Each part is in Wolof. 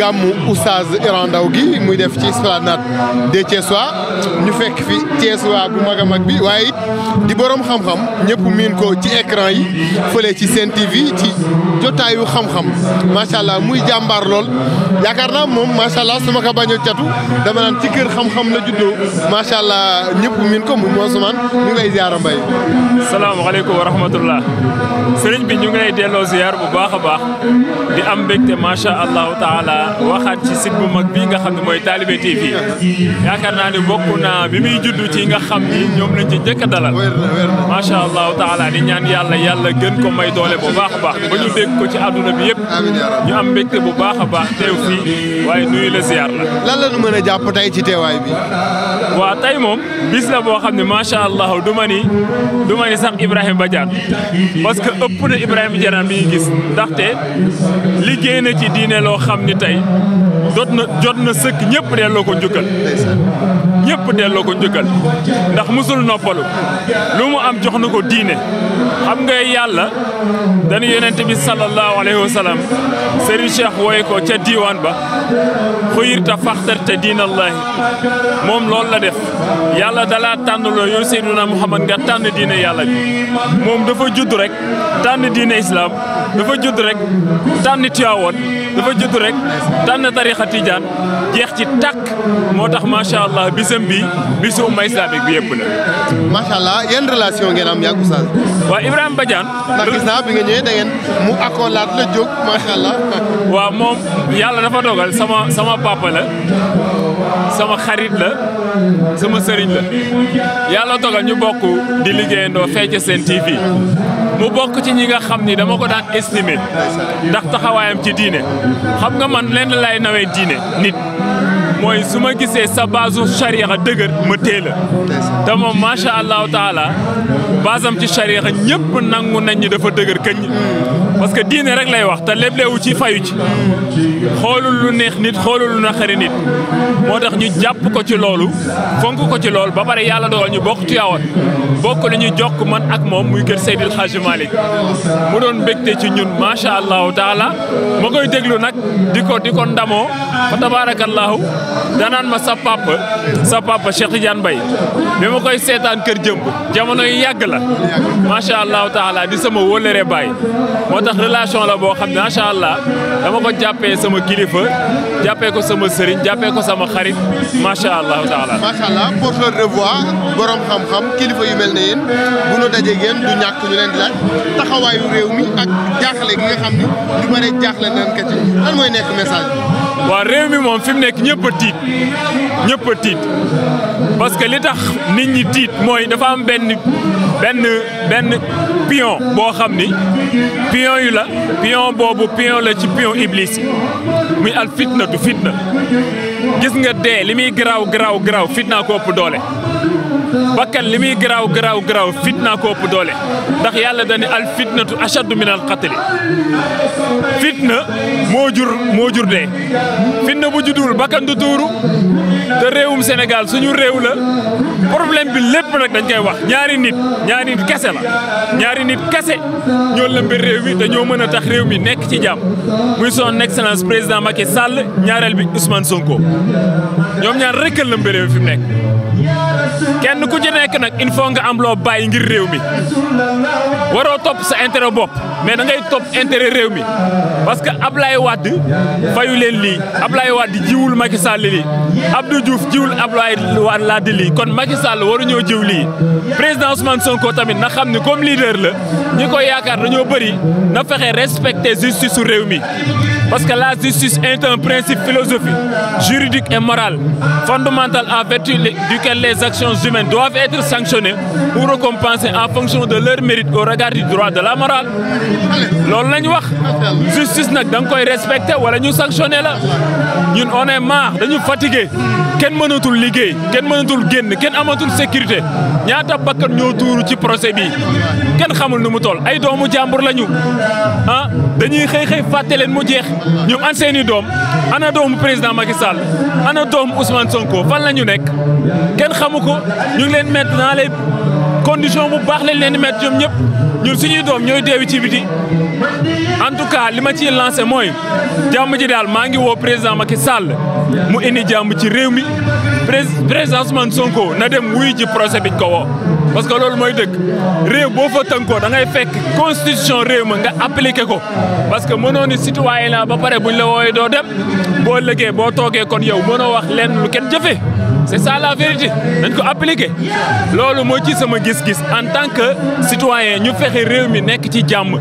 gàmmu oustaz Iran Ndaw gi muy def ci esplanade des Thiessois ñu fekk fi Thiessois bu mag a mag bi waaye it di borom xam-xam ñëpp miin ko ci écran yi fële ci seen TV ci jotaayu xam-xam macha muy jàmbaar lool yaakaar naa moom macha su ma ko bañ a catu dama naan ci kër xam-xam la juddoo macha allah ñëpp miin ko muy Ousmane ñu ngi lay ziara mbay. salaamaaleykum wa rahmatullah sëriñ bi ñu ngi lay delloo ziar bu baax a baax di am mbégte macha allahu taala waxaat ci site bu mag bii nga xam ne mooy Talibe TV yaakaar naa ne bokk naa bi muy juddu ci nga xam ni ñoom lañ ci njëkk a dalal macha allahu taala di ñaan yàlla yàlla gën ko may doole bu baax a baax ba ñu dégg ko ci àdduna bi yëpp ñu am mbégte bu baax a baax teew fii waaye nuyu la ziar la. lan la mën a jàpp tey ci teewaay bi. waaw tey moom bis la boo xam ne macha allah du ma ni du ëpp na Ibrahima Janam bi ñuy gis ndaxte liggéey na ci diine loo xam ni tey jot na jot na sëkk ñëpp delloo ko njukkal ñëpp delloo ko njukkal ndax musul noppalu lu mu am jox na ko diine xam nga yàlla dañu yonent bi sallallahu alayhi wa sallam Serigne Cheikh wooye ko ca diiwaan ba xuyirta faxtar te diinallaahi moom lool la def yàlla dalaa tànn loo yow Seydina Muhammad nga tànn diine yàlla bi moom dafa judd rek tànn diine islaam dafa judd rek tànn Tiwaawoon dafa judd rek tànn tari tarixa tijaan jeex ci tàkk moo tax macha allah bisam bi bisu umma islamique bi yëpp la. macha allah yan relation ngeen am yaa ngi waa ibrahim Ibrahima Badiane. ndax gis bi nga ñëwee da ngeen mu accolade la jóg macha allah. waaw moom yàlla dafa dogal sama sama papa la sama xarit la sama sëriñ la yàlla dogal ñu bokk di liggéeyandoo fecc seen TV. mu bokk ci ñi nga xam ni dama ko daan estimer ndax taxawaayam ci diine xam nga man lenn lay nawee diine nit mooy su ma gisee sa base charia dëgër ma teel a te moom macha allahu taala basam ci sariya ñëpp nangu nañ ñi dafa dëgër këñ parce que diine rek lay wax te leblewu ci fayu ci xoolul lu neex nit xoolu lu na naqari nit moo tax ñu jàpp ko ci loolu fonk ko ci lool ba pare yàlla dogal ñu bokk tuyaawoon bokk li ñuy jokk man ak moom muy kër Seydil Hadji Malick mu doon mbégte ci ñun macha allahu taala ma koy déglu nag di ko di ko ndamoo fa tabarakallahu danaan ma sa papa sa papa Cheikh Tidiane Mbaye bi ma koy seetaan kër jëmb jamono yi yàgg macha allahu taala di sama wole baay moo tax relation la boo xam ne macha allah dama ko jàppee sama kilifa jàppee ko sama sëriñ jàppee ko sama xarit macha allahu taala. macha allah porteur de xam-xam kilifa yu mel ne yéen bu ñu dajee ngeen du ñàkk ñu di laaj taxawaayu réew mi ak jaaxle gi nga xam ni ñu bare jaaxle nañ ko ci lan mooy nekk message waaw réew mi moom fi mu nekk ñëpp a tiit ñëpp tiit parce que li tax nit ñi tiit mooy dafa am benn benn benn pion boo xam ni pion yu la pion boobu pion la ci pion iblis yi muy al fitna du fitna gis nga dee li muy garaaw garaaw garaaw fitna ko ëpp doole bakkan li muy garaaw garaaw garaaw fitna ko ëpp doole ndax yàlla dani al fitnatu ashaddu min al qatli fitna moo jur moo jur dee fitna bu juddul bakkan du tuuru te réewum Sénégal suñu réew la problème bi lépp nag dañ koy wax ñaari nit ñaari nit kese la ñaari nit kese ñoo la réew mi dañoo mën a tax réew bi nekk ci jàmm muy son excellence président Macky sàll ñaareel bi Ousmane Sonko ñoom ñaar rek la lëmbe fi mu nekk kenn ku ci nekk nag il faut nga am loo bàyyi ngir réew mi waroo topp sa intere bopp mais da ngay topp intere réew mi parce que Ablaye Wade fayu leen lii ab Ablaye Wade jiwul Macky Sall lii du Diouf jiwul ab Ablaye Wade lii kon Macky Sall waruñoo jiw lii président Ousmane Sonko tamit na xam ne comme leader la ñu ko yaakaar dañoo bëri na fexe respecter justice su réew mi. Parce que la justice est un principe philosophique, juridique et moral, fondamental en vertu duquel les actions humaines doivent être sanctionnées ou récompensées en fonction de leur mérite au regard du droit de la morale. loolu la ñu wax justice nag da koy respecté wala ñu sanctionné la ñun on est marre dañu fatigué kenn mënatul liggéey kenn mënatul génn kenn amatul sécurité ñaata bakkan ñoo tuuru ci procès bi kenn xamul nu mu tool ay doomu jàmbur lañu ah dañuy xëy xëy leen mu jeex. ñu an seeni doom ana doomu président Macky Sall ana doomu Ousmane Sonko fan la ñu nekk kenn xamu ko leen mettre dans les conditions bu baax lañ leen di mettre ñoom ñëpp ñun suñuy doom ñooy deewi ci biti en tout cas li ma ciy lancé mooy jàmm ji daal maa ngi woo président Macky Sall. mu indi jàmm ci réew mi président Ousmane Sonko na dem wuy ji procès biñ ko woo parce que loolu mooy dëgg réew boo fa tënkoo da ngay fekk constitution réew ma nga appliqué ko parce que mënoo ni citoyen la ba pare buñ la wooyee doo dem boo lëggee boo toogee kon yow mënoo wax leen lu kenn jëfee c' est ça la vérité nañ ko appliquer loolu moo ci sama gis-gis en tant que citoyen ñu fexe réew mi nekk ci jàmm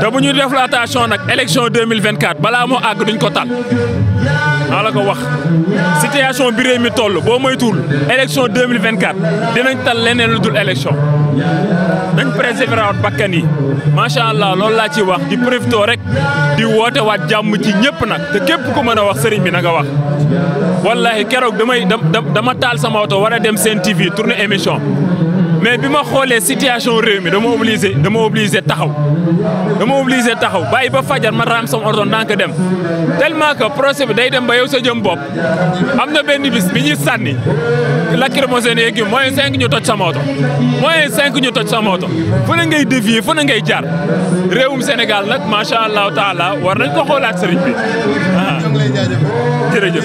te bu ñu def attention nag élection 2024 balaa moo àgg duñ ko tal maa la ko wax situation bi réew mi toll boo moytuwul élection 2024 dinañ tal leneen lu dul élection. nañ préserver waat bakkan yi macha allah loolu laa ci wax di profito rek di woote waat jàmm ci ñëpp nag te képp ku mën a wax sëriñ bi na nga wax. wallahi keroog damay dama taal sama oto war a dem seen TV tourner émission. mais bi ma xoolee situation réew mi dama obligé dama obligé taxaw dama obligé taxaw bàyyi ba fajar ma raam sama ordon ndànk dem tellement que procès bi day dem ba yow sa jëm bopp am na benn bis bi ñuy sànni lacrymogène yeeg moyen cinq ñu toj sama oto moyen cinq ñu toj sama oto fu na ngay dévier fu na ngay jaar réewum Sénégal nag macha allahu taala war nañ ko xoolaat sëriñ bi ah. jërëjëf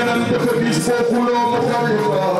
yonent dafa diis foofu loo ma xale ba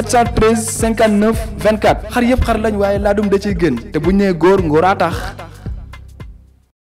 413 vingt 24 xar yëpp xar lañ waaye laa dum da ciy gën te bu ñu nee góor ngóoraa tax